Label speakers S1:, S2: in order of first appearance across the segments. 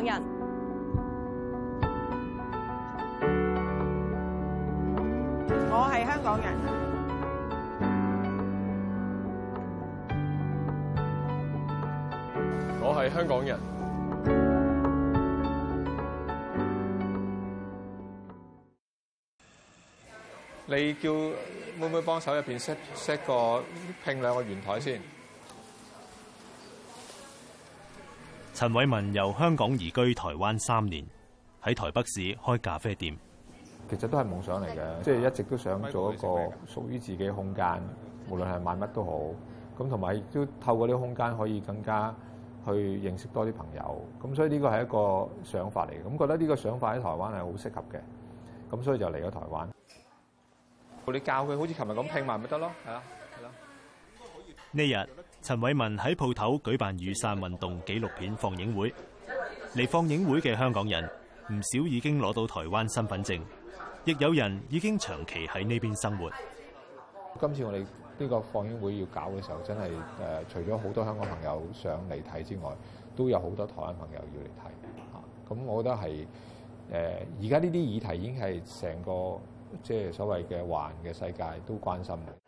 S1: 港人，
S2: 我係香港人，
S3: 我係香港人。
S1: 你叫妹妹幫手入邊 set set 個拼兩個圓台先。
S4: 陳偉文由香港移居台灣三年，喺台北市開咖啡店。其實都係夢想嚟嘅，
S1: 即係一直都想做一個屬於自己嘅空間，無論係買乜都好。咁同埋亦都透過呢個空間可以更加去認識多啲朋友。咁所以呢個係一個想法嚟嘅。咁覺得呢個想法喺台灣係好適合嘅。咁所以就嚟咗台灣。你教佢好似琴日咁拼埋咪得咯？係啊，係咯。
S4: 呢日。陳偉文喺鋪頭舉辦雨傘運動紀錄片放映會，嚟,放映會嘅香港人唔少已經攞到台灣身份證，亦有人已經長期喺呢邊生活。
S1: 今次我哋呢個放映會要搞嘅時候，真係誒，除咗好多香港朋友上嚟睇之外，都有好多台灣朋友要嚟睇。吓，咁我覺得係誒，而家呢啲議題已經係成個即係所謂嘅華人嘅世界都關心嘅。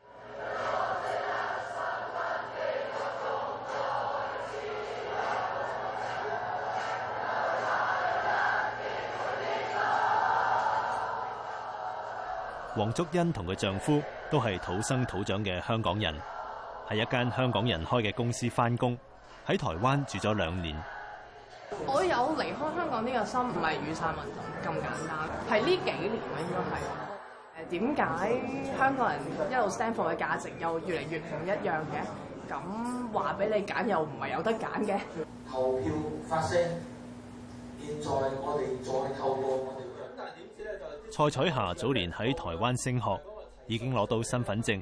S4: 黃竹欣同佢丈夫都係土生土長嘅香港人，喺一間香港人開嘅公司翻工，喺台灣住咗兩年。
S2: 我有離開香港呢個心，唔係雨傘運動咁簡單，係呢幾年嘅應該係。誒，點解香港人一路聲望嘅價值又越嚟越唔一樣嘅？咁話俾你揀又唔係有得揀嘅。投票發聲，
S1: 現在我哋再透過。
S4: 蔡彩霞早年喺台灣升學，已經攞到身份證。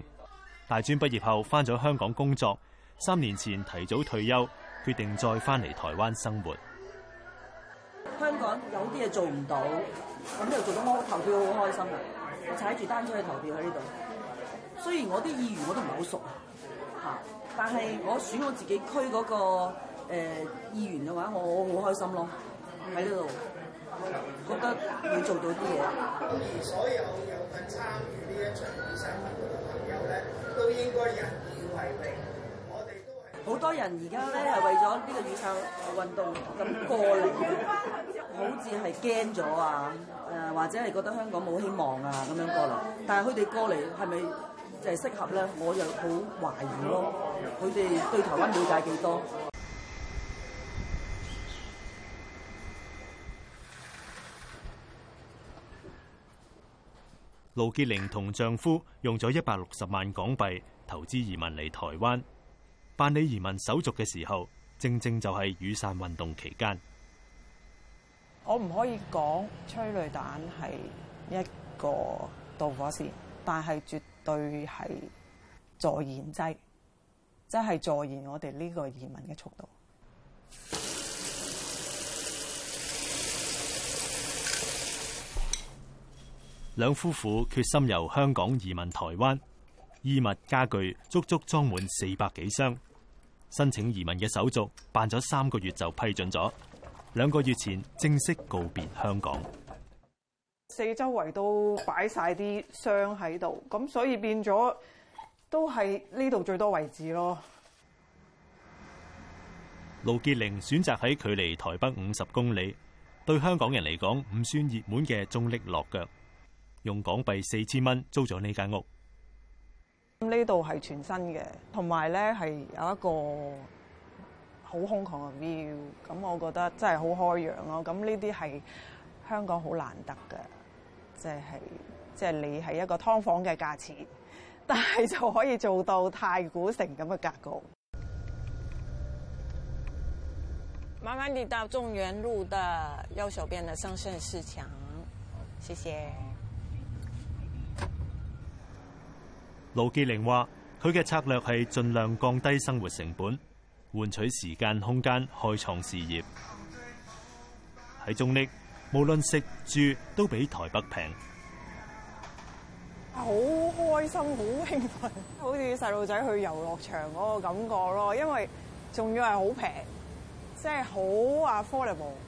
S4: 大專畢業後翻咗香港工作，三年前提早退休，決定再翻嚟台灣生活。
S2: 香港有啲嘢做唔到，咁呢度做到，我投票好開心呀。我踩住單車去投票喺呢度。雖然我啲議員我都唔係好熟，吓，但係我選我自己區嗰、那個誒、呃、議員嘅話，我好開心咯，喺呢度。覺得要做到啲嘢。咁而所有有份參與呢一場雨傘運動嘅朋友咧，都應該引以爲榮。我哋都好多人而家咧係為咗呢個雨傘運動咁過嚟，好似係驚咗啊！誒，或者係覺得香港冇希望啊咁樣過嚟。但係佢哋過嚟係咪就
S4: 係適合咧？我又好懷疑咯。佢哋對台灣了解幾多？盧潔玲同丈夫用咗一百六十萬港幣投資移民嚟台灣，辦理移民手續嘅時候，正正就係雨傘運動期間。
S2: 我唔可以講催淚彈係一個導火線，但係絕對係助燃劑，即係助燃我哋呢個移民嘅速度。
S4: 兩夫婦決心由香港移民台灣，衣物家具足足裝滿四百幾箱。申請移民嘅手續辦咗三個月就批准咗。兩個月前正式告別香港。
S2: 四周圍都擺晒啲箱喺度，咁所以變咗都係呢度最多位置咯。
S4: 盧潔玲選擇喺距離台北五十公里，對香港人嚟講唔算熱門嘅中壢落腳。用港幣四千蚊租咗呢間屋。
S2: 咁呢度係全新嘅，同埋咧係有一個好空曠嘅 view。咁我覺得真係好開揚咯。咁呢啲係香港好難得嘅，即係即係你喺一個劏房嘅價錢，但係就可以做到太古城咁嘅格局。麻煩你到中原路嘅右手邊嘅上盛市場，好，謝謝。
S4: 盧繼寧話：佢嘅策略係盡量降低生活成本，換取時間空間，開創事業。喺中壢，無論食住都比台北平。
S2: 好開心，好興奮，好似細路仔去遊樂場嗰個感覺咯，因為仲要係好平，即係好啊，affordable。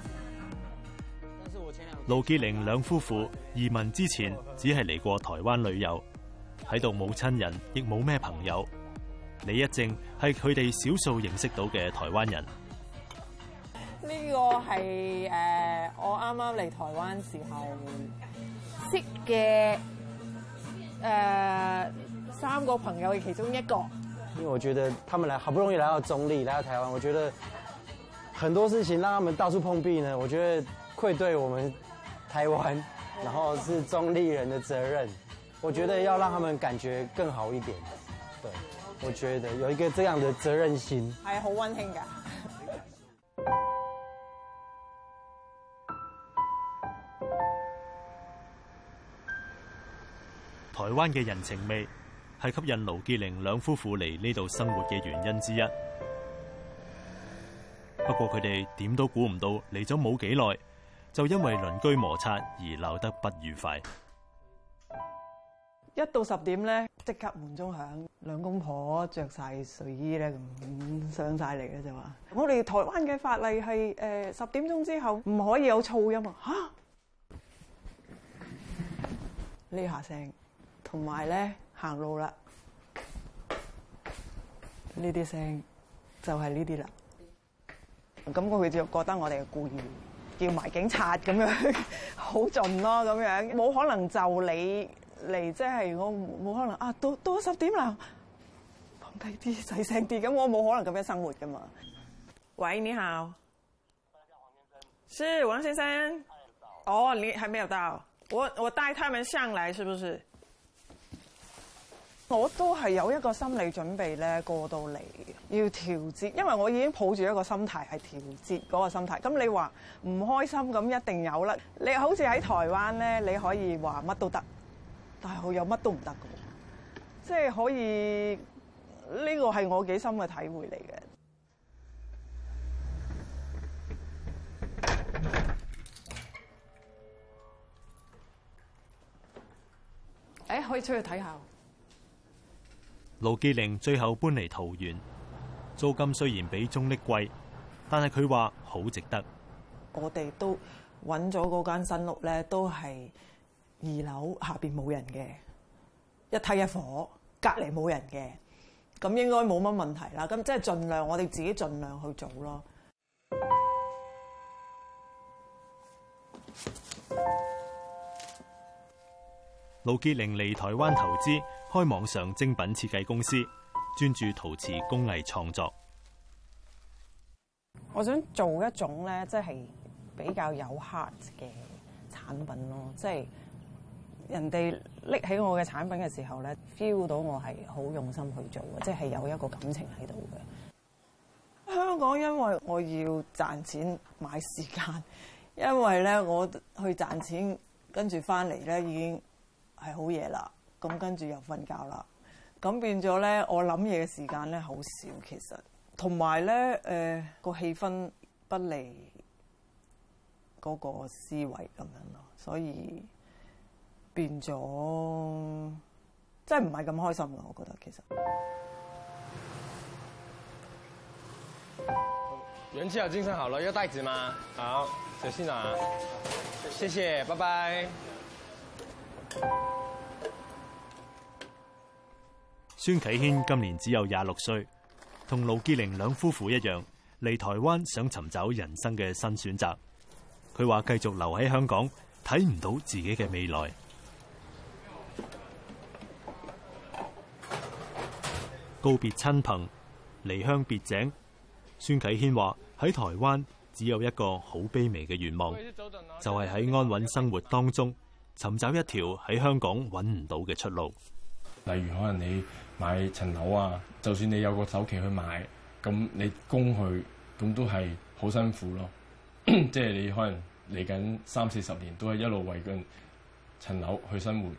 S4: 盧潔玲兩夫婦移民之前只係嚟過台灣旅遊，喺度冇親人亦冇咩朋友。李一正係佢哋少數認識到嘅台灣人。
S2: 呢個係誒我啱啱嚟台灣時候識嘅誒三個朋友嘅其中一個。因
S4: 為我覺得他們嚟好不容易來到中壢，來到台灣，我覺得很多事情讓他們到處碰壁呢。我覺得。會對我們台灣，然後是中立人的責任，我覺得要讓他們感覺更好一點。對，我覺得有一個這樣的責任心、
S2: 哎、好溫馨嘅
S4: 台灣嘅人情味係吸引盧潔玲兩夫婦嚟呢度生活嘅原因之一。不過佢哋點都估唔到了沒，嚟咗冇幾耐。就因為鄰居摩擦而鬧得不愉快。
S2: 一到十點咧，即刻門鐘響，兩公婆着晒睡衣咧咁上晒嚟嘅。就話：我哋台灣嘅法例係誒、呃、十點鐘之後唔可以有噪音啊吓 呢下聲，同埋咧行路啦呢啲聲就係呢啲啦，咁個佢就覺得我哋係故意。叫埋警察咁樣，好盡咯咁樣，冇可能就你嚟，即係、就是、我冇可能啊！到到十點啦，放低啲細聲啲，咁我冇可能咁樣生活噶嘛。喂，你好，王是王先生。哦，你還沒有到，我我帶他們上來，是不是？我都係有一個心理準備咧過到嚟，要調節，因為我已經抱住一個心態係調節嗰個心態。咁你話唔開心咁一定有啦。你好似喺台灣咧，你可以話乜都得，但係佢有乜都唔得嘅，即係可以。呢個係我幾深嘅體會嚟嘅。誒，可以出去睇下。
S4: 盧繼玲最後搬嚟桃園，租金雖然比中壢貴，但係佢話好值得。
S2: 我哋都揾咗嗰間新屋咧，都係二樓下邊冇人嘅，一梯一伙，隔籬冇人嘅，咁應該冇乜問題啦。咁即係盡量，我哋自己盡量去做咯。
S4: 盧潔玲嚟台灣投資，開網上精品設計公司，專注陶瓷工藝創作。
S2: 我想做一種咧，即係比較有 heart 嘅產品咯。即係人哋拎起我嘅產品嘅時候咧，feel 到我係好用心去做嘅，即係有一個感情喺度嘅。香港因為我要賺錢買時間，因為咧我去賺錢跟住翻嚟咧已經。係好夜啦，咁跟住又瞓覺啦，咁變咗咧，我諗嘢嘅時間咧好少，其實同埋咧，誒個氣氛不利嗰個思維咁樣咯，所以變咗即係唔係咁開心嘅，我覺得其實。
S3: 楊志有精神好咯，有帶子嘛？好，小心啊！謝謝，拜拜。
S4: 孫啟謙今年只有廿六歲，同盧綺玲兩夫婦一樣嚟台灣，想尋找人生嘅新選擇。佢話繼續留喺香港，睇唔到自己嘅未來。告別親朋，離鄉別井，孫啟謙話喺台灣只有一個好卑微嘅願望，就係、是、喺安穩生活當中。尋找一條喺香港揾唔到嘅出路，
S3: 例如可能你買層樓啊，就算你有個首期去買，咁你供佢，咁都係好辛苦咯，即係、 就是、你可能嚟緊三四十年，都係一路為緊層樓去生活。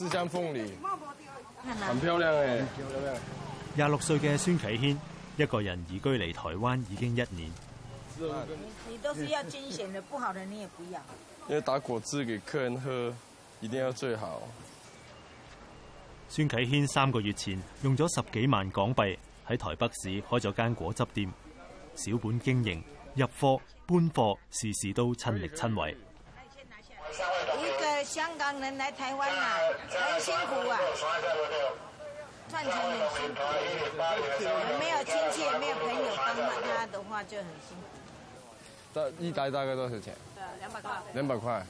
S3: 枝針鳳梨很漂
S4: 亮嘅。廿六歲嘅孫啟軒，一個人移居嚟台灣已經一年。你你
S2: 都是要新鮮的，不好的你也
S4: 不要。因為打果汁給客人喝，一定要最好。孫啟軒三個月前用咗十幾萬港幣喺台北市開咗間果汁店，小本經營，入貨、搬貨，事事都親力親為。
S5: 香港人嚟台灣啊，很辛苦啊，賺錢很辛苦，有沒有親戚，有沒有朋友
S2: 幫他，
S3: 他的話就很辛苦。一袋大概多少錢？
S1: 兩百塊。兩
S3: 百塊。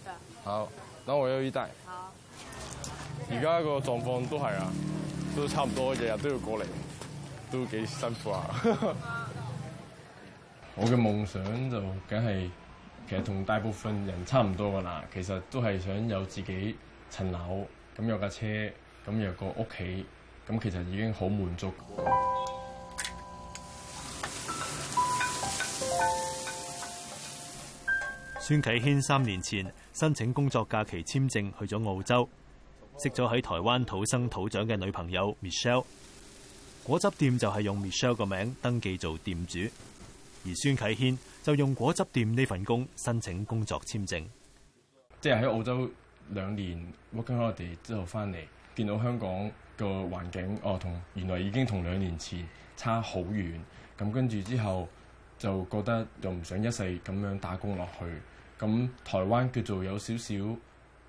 S3: 好。那我要一袋。好。而家個狀況都係啊，都差唔多，日日都要過嚟，都幾辛苦啊、 嗯嗯。我嘅夢想就梗係。其實同大部分人差唔多㗎喇，其實都係想有自己層樓，咁有架車，咁有個屋企，咁其實已經好滿足。
S4: 孫啟軒三年前申請工作假期簽證去咗澳洲，識咗喺台灣土生土長嘅女朋友 Michelle。果汁店就係用 Michelle 個名登記做店主。而孫啟軒就用果汁店呢份工申請工作簽證，即係喺澳洲兩年 working
S3: holiday 之後翻嚟，見到香港個環境，哦，同原來已經同兩年前差好遠。咁跟住之後就覺得又唔想一世咁樣打工落去，咁台灣叫做有少少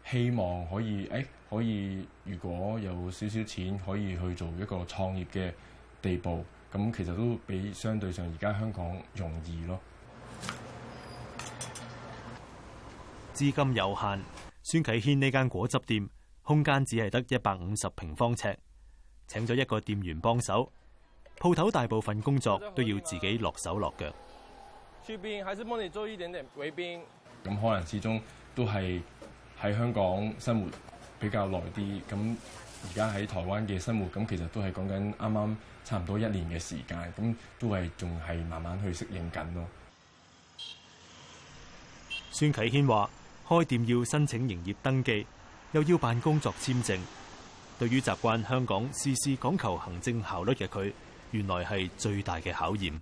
S3: 希望可以，誒、哎、可以，如果有少少錢可以去做一個創業嘅地步。咁其實都比相對上而家香港容易咯。
S4: 資金有限，孫啟軒呢間果汁店空間只係得一百五十平方尺，請咗一個店員幫手，鋪頭大部分工作都要自己落手落腳。
S3: 出邊，還是幫你做一點點尾邊。咁可能始終都係喺香港生活比較耐啲，咁而家喺台灣嘅生活，咁其實都係講緊啱啱。差唔多一
S4: 年嘅時間，咁都係仲係慢慢去適應緊咯。孫啟軒話，開店要申請營業登記，又要辦工作簽證。對於習慣香港事事講求行政效率嘅佢，原來係最大嘅考驗。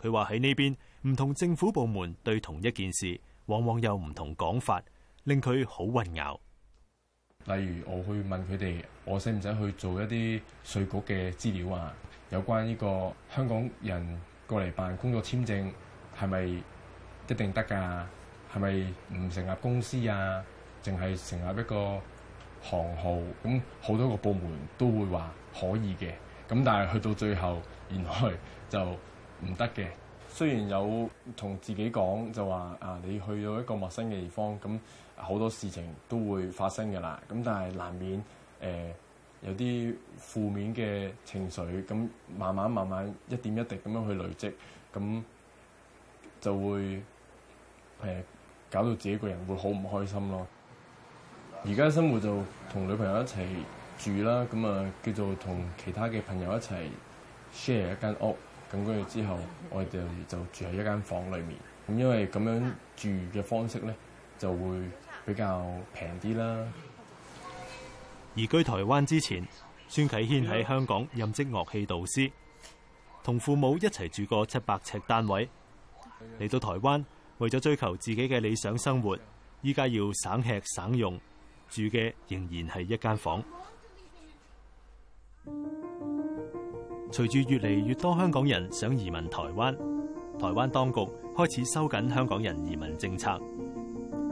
S4: 佢話喺呢邊唔同政府部門對同一件事，往往有唔同講法，令佢好混淆。例如我去問佢哋，我使唔使去做一啲稅局嘅資料啊？
S3: 有關呢個香港人過嚟辦工作簽證，係咪一定得㗎？係咪唔成立公司啊？淨係成立一個行號，咁好多個部門都會話可以嘅。咁但係去到最後，原來就唔得嘅。雖然有同自己講就話啊，你去到一個陌生嘅地方，咁好多事情都會發生㗎啦。咁但係難免、呃、有啲負面嘅情緒，咁慢慢慢慢一點一滴咁樣去累積，咁就會、呃、搞到自己個人會好唔開心咯。而家生活就同女朋友一齊住啦，咁啊叫做同其他嘅朋友一齊 share 一間屋。咁跟住之後，我哋就住喺一間房裏面。咁
S4: 因為咁樣住嘅方式咧，就會比較平啲啦。移居台灣之前，孫啟軒喺香港任職樂器導師，同父母一齊住過七百呎單位。嚟到台灣，為咗追求自己嘅理想生活，依家要省吃省用，住嘅仍然係一間房。隨住越嚟越多香港人想移民台灣，台灣當局開始收緊香港人移民政策。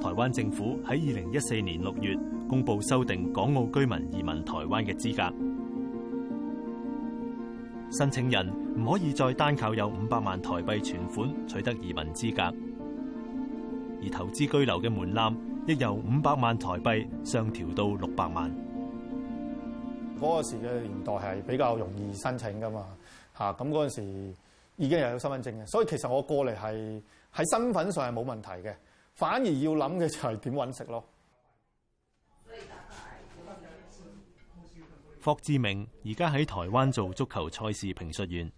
S4: 台灣政府喺二零一四年六月公布修訂港澳居民移民台灣嘅資格，申請人唔可以再單靠有五百萬台幣存款取得移民資格，而投資居留嘅門檻亦由五百萬台幣上調到六百萬。
S5: 嗰個時嘅年代係比較容易申請㗎嘛吓，咁嗰陣時已經又有身份證嘅，所以其實我過嚟係喺身份上係冇問題嘅，反而要諗嘅就係點搵食咯。
S4: 霍志明而家喺台灣做足球賽事評述員，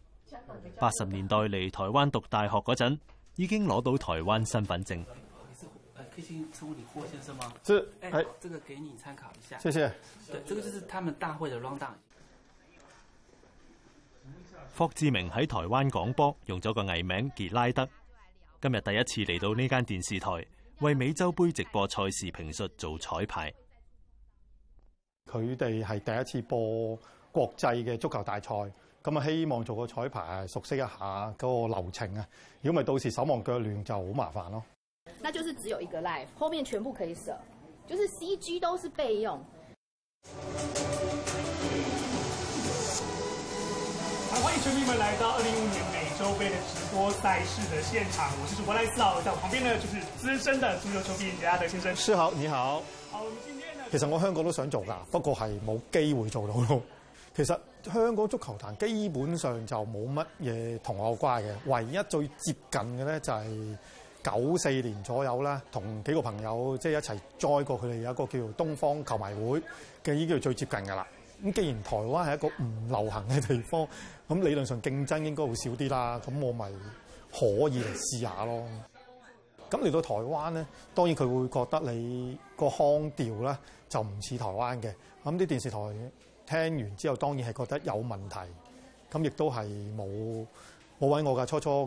S4: 八十年代嚟台灣讀大學嗰陣已經攞到台灣身份證。最稱呼你霍先生嗎？是。誒、哎，這個給你參考一下。謝謝。對，這個就是他們大會的 rundown 霍志明喺台灣廣播用咗個藝名杰拉德，今日第一次嚟到呢間電視台為美洲杯直播賽事評述做彩排。
S5: 佢哋係第一次播國際嘅足球大賽，咁啊希望做個彩排，熟悉一下嗰個流程啊。如果咪到時手忙腳亂就好麻煩咯。
S4: 那就是只有一個 live，後面全部可以捨，就是 CG 都是備用。歡迎球迷們來到二零一五年美洲盃的直播賽事的現場，我是主播賴 Sir，我旁邊呢就是資深的足球球迷，傑拉德先生。師
S5: 好，你好。好，今天呢，其實我香港都想做噶，不過係冇機會做到咯。其實香港足球壇基本上就冇乜嘢同我瓜嘅，唯一最接近嘅咧就係、是。九四年左右啦，同幾個朋友即係一齊 join 過佢哋，有一個叫做東方球迷會嘅，已經係最接近㗎啦。咁既然台灣係一個唔流行嘅地方，咁理論上競爭應該會少啲啦。咁我咪可以嚟試下咯。咁嚟到台灣咧，當然佢會覺得你個腔調咧就唔似台灣嘅。咁啲電視台聽完之後，當然係覺得有問題。咁亦都係冇冇揾我㗎。初初。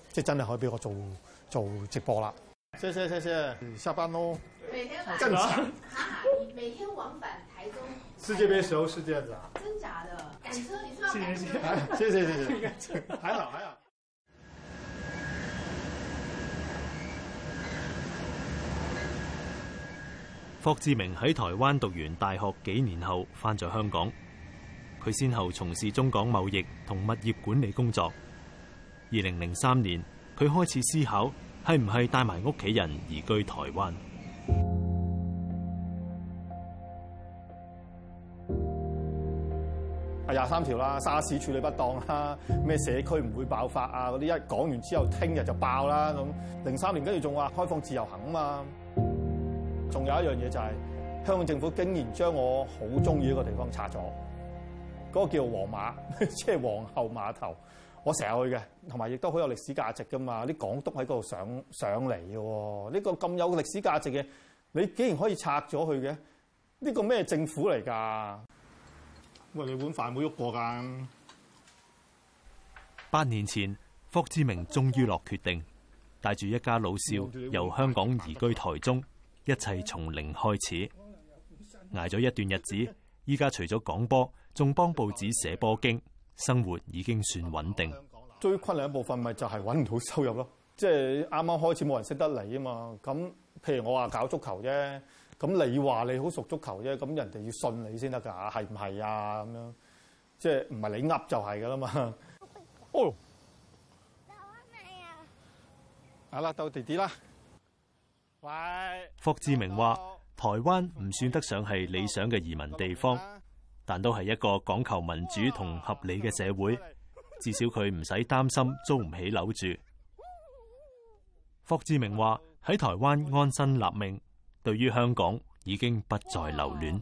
S5: 即係真係可以俾我做做直播啦！謝謝謝謝，下班咯。
S2: 每天跟住嚇，每天往返台中。
S5: 世界杯時候是這樣子啊？真的，趕車，
S2: 你仲要趕車？謝謝謝謝，趕車，還好
S5: 還好。
S4: 霍志明喺台灣讀完大學幾年後，翻咗香港。佢先後從事中港貿易同物業管理工作。二零零三年，佢開始思考係唔係帶埋屋企人移居台灣。
S5: 係廿三條啦，沙士處理不當啦，咩社區唔會爆發啊，嗰啲一講完之後，聽日就爆啦咁。零三年跟住仲話開放自由行啊嘛，仲有一樣嘢就係、是、香港政府竟然將我好中意一個地方拆咗，嗰、那個叫皇碼，即係皇后碼頭。我成日去嘅，同埋亦都好有歷史價值噶嘛，啲港督喺嗰度上上嚟嘅喎，呢個咁有歷史價值嘅，你竟然可以拆咗佢嘅，呢個咩政府嚟㗎？喂，你碗飯冇喐過㗎。八
S4: 年前，霍志明終於落決定，帶住一家老少由香港移居台中，一切從零開始。捱咗一段日子，依家除咗講波，仲幫報紙寫波經。生活已經算穩定。
S5: 最困難一部分咪就係揾唔到收入咯。即係啱啱開始冇人識得你啊嘛。咁譬如我話搞足球啫，咁你話你好熟足球啫，咁人哋要信你先得㗎，係唔係啊？咁樣即係唔係你噏就係㗎啦嘛。哦，好啊，好啦，到弟弟啦。
S4: 喂，霍志明話：台灣唔算得上係理想嘅移民地方。但都係一個講求民主同合理嘅社會，至少佢唔使擔心租唔起樓住。霍志明話，喺台灣安身立命，對於香港已經不再留戀。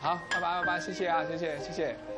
S1: 好，拜拜，拜拜，謝謝啊，謝謝，謝謝。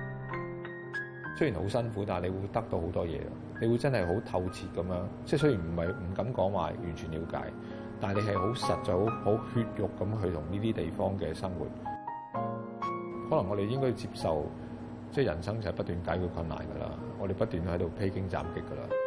S4: 雖然好辛苦，但係你會得
S1: 到好多嘢，你會真係好透徹咁樣。即係雖然唔係唔敢講話完，完全了解，但係你係好實在、好血肉咁去同呢啲地方嘅生活。可能我哋應該要接受，即係人生就係不斷解決困難㗎啦。我哋不斷喺度披荊斬棘㗎啦。